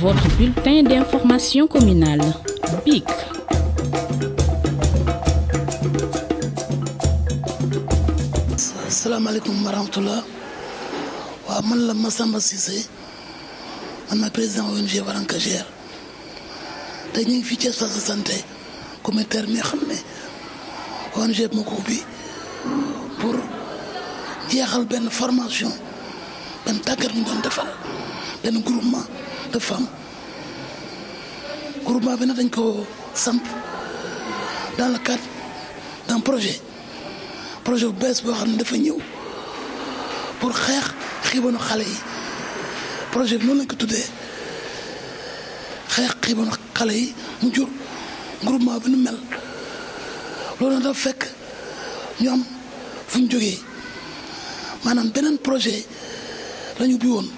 Votre bulletin d'information communale, pic Salam alaikum rahmatulah waaw man la Massamba Cissé man ONG Varankagère te ñu vitesse à ci santé Comme mi xam ONG moo pour jeexal benn formation ben tàggat ñu doon defal benn groupement. de femmes groupement bi nag dañ ko samp dans le cadre d'un projet projet bu bees boo xam ne dafa ñëw pour xeex xiibanu xale yi projet bi noonu lañ ko tuddee xeex xiibanu xale yi mu jur groupement bi nu mel loolu nag dafa fekk ñu am fu ñu jógee maanaam beneen projet lañu ñu woon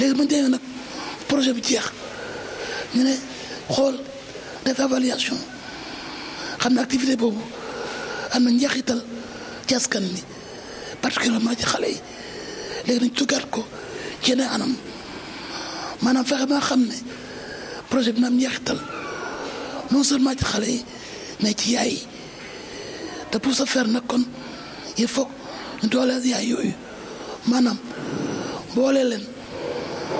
léegi bu ñu demee nag projet bi jeex ñu ne xool def évaluation xam ne activité boobu am na njeexital ci askan bi particulièrement ci xale yi léegi nañ tuggaat ko ci yeneen anam maanaam fexe ba nga xam ne projet bi na am njeexital non seulement ci xale yi mais ci yaay yi te pour ce faire nag kon il faut ñu dooleel yaay yooyu maanaam boole leen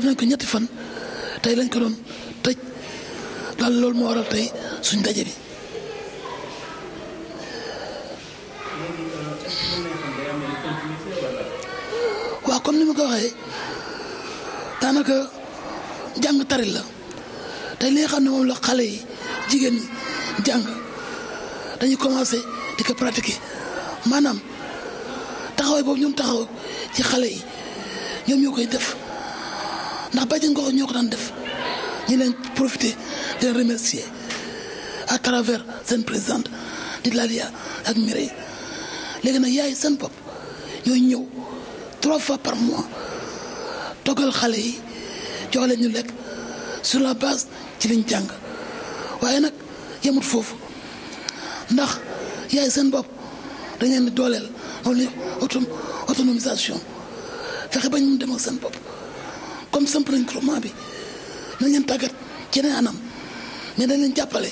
def nañ ko ñetti fan tey lañ ko doon tëj daal loolu moo waral tey suñ daje waa kon comme ni ma ko waxee daanaka jàng taril la tey li xam ne moom la xale yi jigéen ñi jàng dañuy commencé di ko pratiquer maanaam taxawaay boobu ñoom taxaw ci xale yi ñoom ñoo koy def. ndax bàjjen gox ñoo def ñu leen profité de remercier à travers seen présidente de Lalia ak Mireille léegi nag yaay seen bopp ñooy ñëw trois fois par mois yi jox sur la base ci liñ ndax yaay autonomisation fexe comme samp nañ groupement bi nañ leen tàggat ceneen anam mais dañ leen jàppale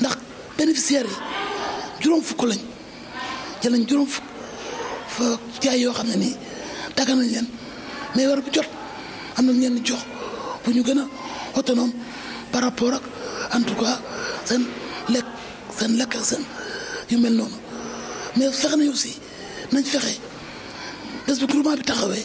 ndax bénéficiaires yi juróom fukk lañ jël nañ juróom fukk jaay yoo xam ne nii tàggat nañ leen mais weer bu jot am na nañ leen jox bu ñu gën a autonome par rapport ak en tout cas seen lekk seen lekk yu mel noonu mais fexe nañ aussi nañ fexe bés bu groupement bi taxawee.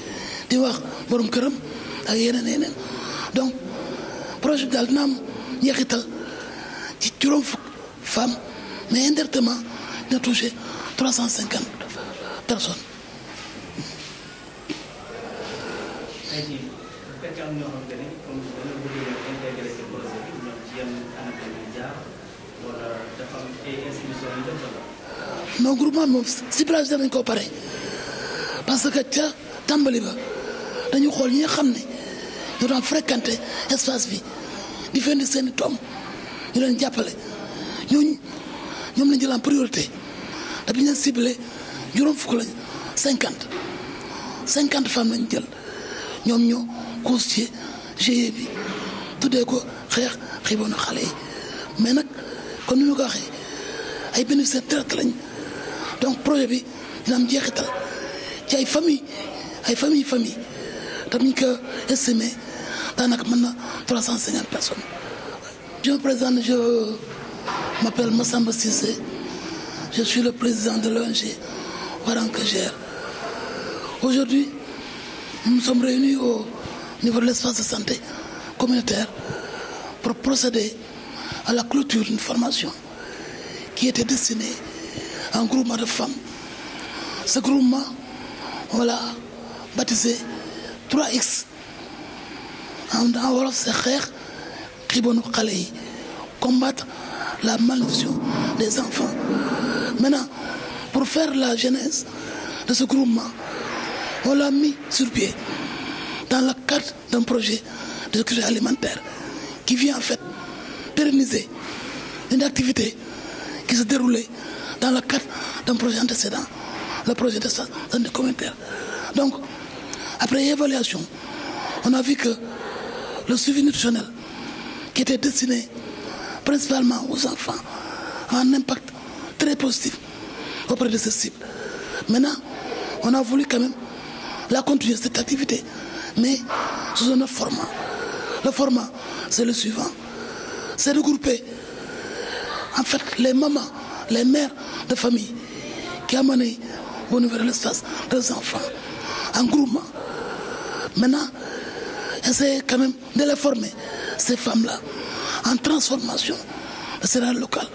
di wax donc projet bi daal dina am njeexital femmes mais indirectement de touché 350 personnes mon euh, personnes. non groupement moom ko parce que dañu xool ñi nga xam ne ñoo doon fréquenté espace bi di fendi seen i doom ñu leen jàppale ñooñu ñoom lañ jël en priorité da bi ñu leen ciblé juróom fukk lañ cinquante cinquante femmes lañ jël ñoom ñoo constitué GIE bi tuddee ko xeex xiiboon xale yi mais nag comme ni ma ko waxee ay bénéficiaires direct lañ donc projet bi dina am jeexital ci ay famille ay famille famille Tamika et dans a maintenant 350 personnes. Je me présente, je m'appelle Massamba Sissé, je suis le président de l'ONG j'ai. Aujourd'hui, nous nous sommes réunis au niveau de l'espace de santé communautaire pour procéder à la clôture d'une formation qui était destinée à un groupe de femmes. Ce groupement, voilà, baptisé 3X en a c'est qui vont combattre la malnutrition des enfants maintenant pour faire la genèse de ce groupement on l'a mis sur pied dans la cadre d'un projet de sécurité alimentaire qui vient en fait pérenniser une activité qui se déroulait dans la cadre d'un projet antécédent, le projet de santé communautaire. Donc, après évaluation, on a vu que le suivi nutritionnel qui était destiné principalement aux enfants a un impact très positif auprès de ces cibles. Maintenant, on a voulu quand même la continuer, cette activité, mais sous un autre format. Le format, c'est le suivant. C'est regrouper, en fait, les mamans, les mères de famille qui amenaient au niveau de l'espace des enfants en groupement. Maintenant, essayez quand même de les former, ces femmes-là, en transformation de le local,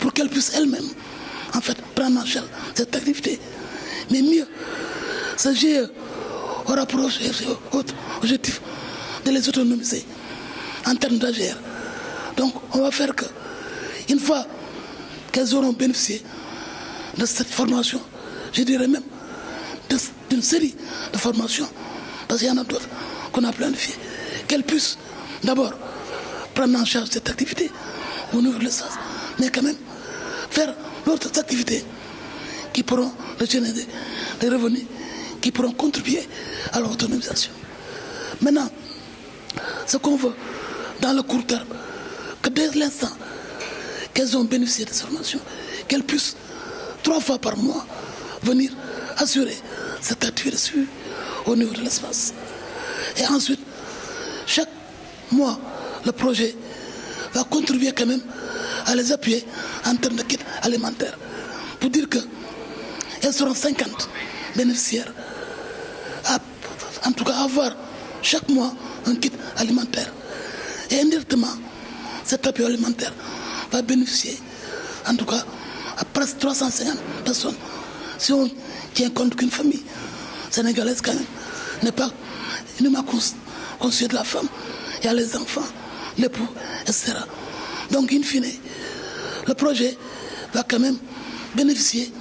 pour qu'elles puissent elles-mêmes, en fait, prendre en charge cette activité. Mais mieux, ce GE aura pour objectif de les autonomiser en termes d'agir. Donc, on va faire que, une fois qu'elles auront bénéficié de cette formation, je dirais même d'une série de formations, parce y en a d'autres qu'on a planifiées, qu'elles puissent d'abord prendre en charge cette activité au nous sens, mais quand même faire d'autres activités qui pourront générer des revenus, qui pourront contribuer à leur autonomisation. Maintenant, ce qu'on veut dans le court terme, que dès l'instant qu'elles ont bénéficié de cette formation, qu'elles puissent trois fois par mois venir assurer cette activité au niveau de l'espace. Et ensuite, chaque mois, le projet va contribuer quand même à les appuyer en termes de kits alimentaires. Pour dire que elles seront 50 bénéficiaires à, en tout cas, avoir chaque mois un kit alimentaire. Et indirectement, cet appui alimentaire va bénéficier, en tout cas, à presque 350 personnes, si on tient compte qu'une famille sénégalaise quand même n'est pas m'a de la femme. Il y a les enfants, l'époux, etc. Donc, in fine, le projet va quand même bénéficier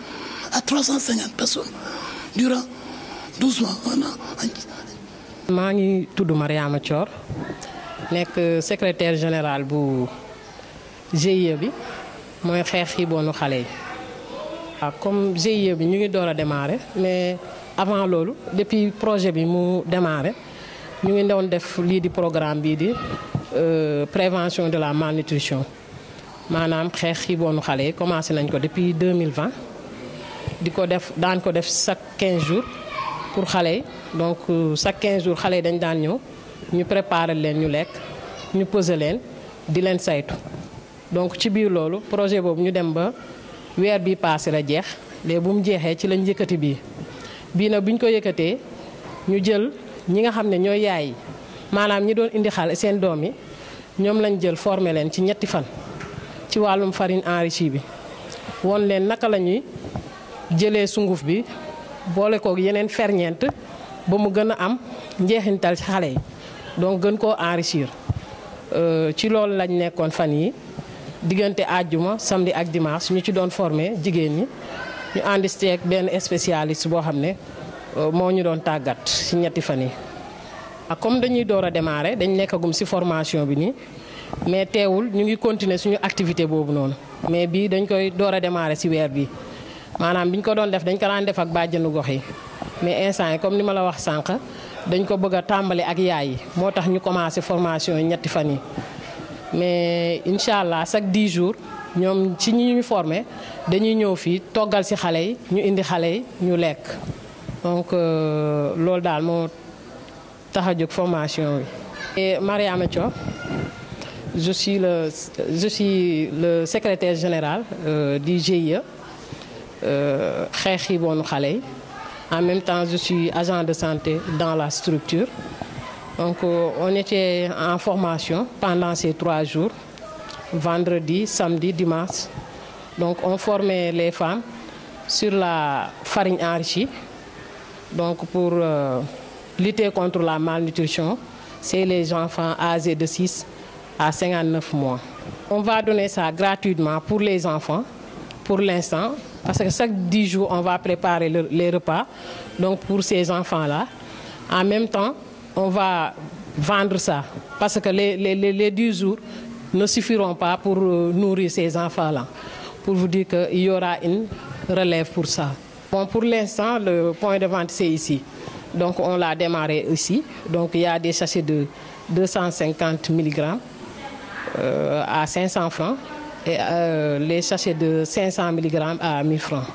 à 350 personnes durant 12 mois, un an. ngi tudd Mariama Thior le secrétaire général du GIE Je suis xeex xiiboonu de ah, comme GIE nous ñu ngi démarrer mais avant lolu depuis projet bi mu démarré ñu ngi doon def li di programme bi di euh, prévention de la malnutrition manam xeex xiiboonu xale yi commencé nañ ko depuis 2020 diko def daan ko def chaque 15 jours pour xalé donc euh, chaque 15 jours xalé dañ dan ñëw ñu préparer leen ñu lek ñu poser leen di leen saytu donc ci biir lolu projet bobu ñu dem ba weer bi passé la jeex les bu mu jeexee ci lañ yëkëti bi bii nag bu ñu ko yëkkatee ñu jël ñi nga xam ne ñooy yaay yi maanaam ñi doon indi xale seen doom yi ñoom lañ jël formé leen ci ñetti fan ci wàllum farine enrichie bi won leen naka la ñuy jëlee sunguf bi boole kook yeneen ferñeent ba mu gën a am njeexintal ci xale yi donc gën koo enrichir euh, ci loolu lañu nekkoon fan yi diggante àjjuma samedi ak dimanche ñu ci doon formé jigéen ñi ñu ànd benn spécialiste boo xam ne euh, moo ñu doon tàggat si ñetti fan yi ak ah, comme dañuy door a démarrer dañ nekkagum si formation bi nii mais teewul ñu ngi continuer suñu activité boobu noonu mais bii dañ koy door a démarrer si weer bi maanaam bi ko doon def dañ ko daan def ak bàjjenu gox yi mais instant yi comme ni ma la wax sànq dañ ko bëgg tàmbali ak yaay yi moo tax ñu commencé formation yi ñetti fan yi mais incha allah chaque dix jours. ñom ci ñi ñu formé dañuy ñëw sommes togal ci xalé yi ñu indi xalé yi ñu lek donc euh, loolu daal moo tax formation et Mariama Thiaw je suis le je suis le secrétaire général euh, du GIE euh xexi boonu en même temps je suis agent de santé dans la structure donc euh, on était en formation pendant ces trois jours vendredi, samedi, dimanche. Donc on formait les femmes sur la farine enrichie, donc pour euh, lutter contre la malnutrition c'est les enfants âgés de 6 à 59 mois. On va donner ça gratuitement pour les enfants, pour l'instant, parce que chaque 10 jours, on va préparer les repas donc pour ces enfants-là. En même temps, on va vendre ça, parce que les, les, les 10 jours, ne suffiront pas pour euh, nourrir ces enfants-là. Pour vous dire qu'il y aura une relève pour ça. Bon, pour l'instant, le point de vente, c'est ici. Donc, on l'a démarré ici. Donc, il y a des sachets de 250 mg euh, à 500 francs et euh, les sachets de 500 mg à 1000 francs.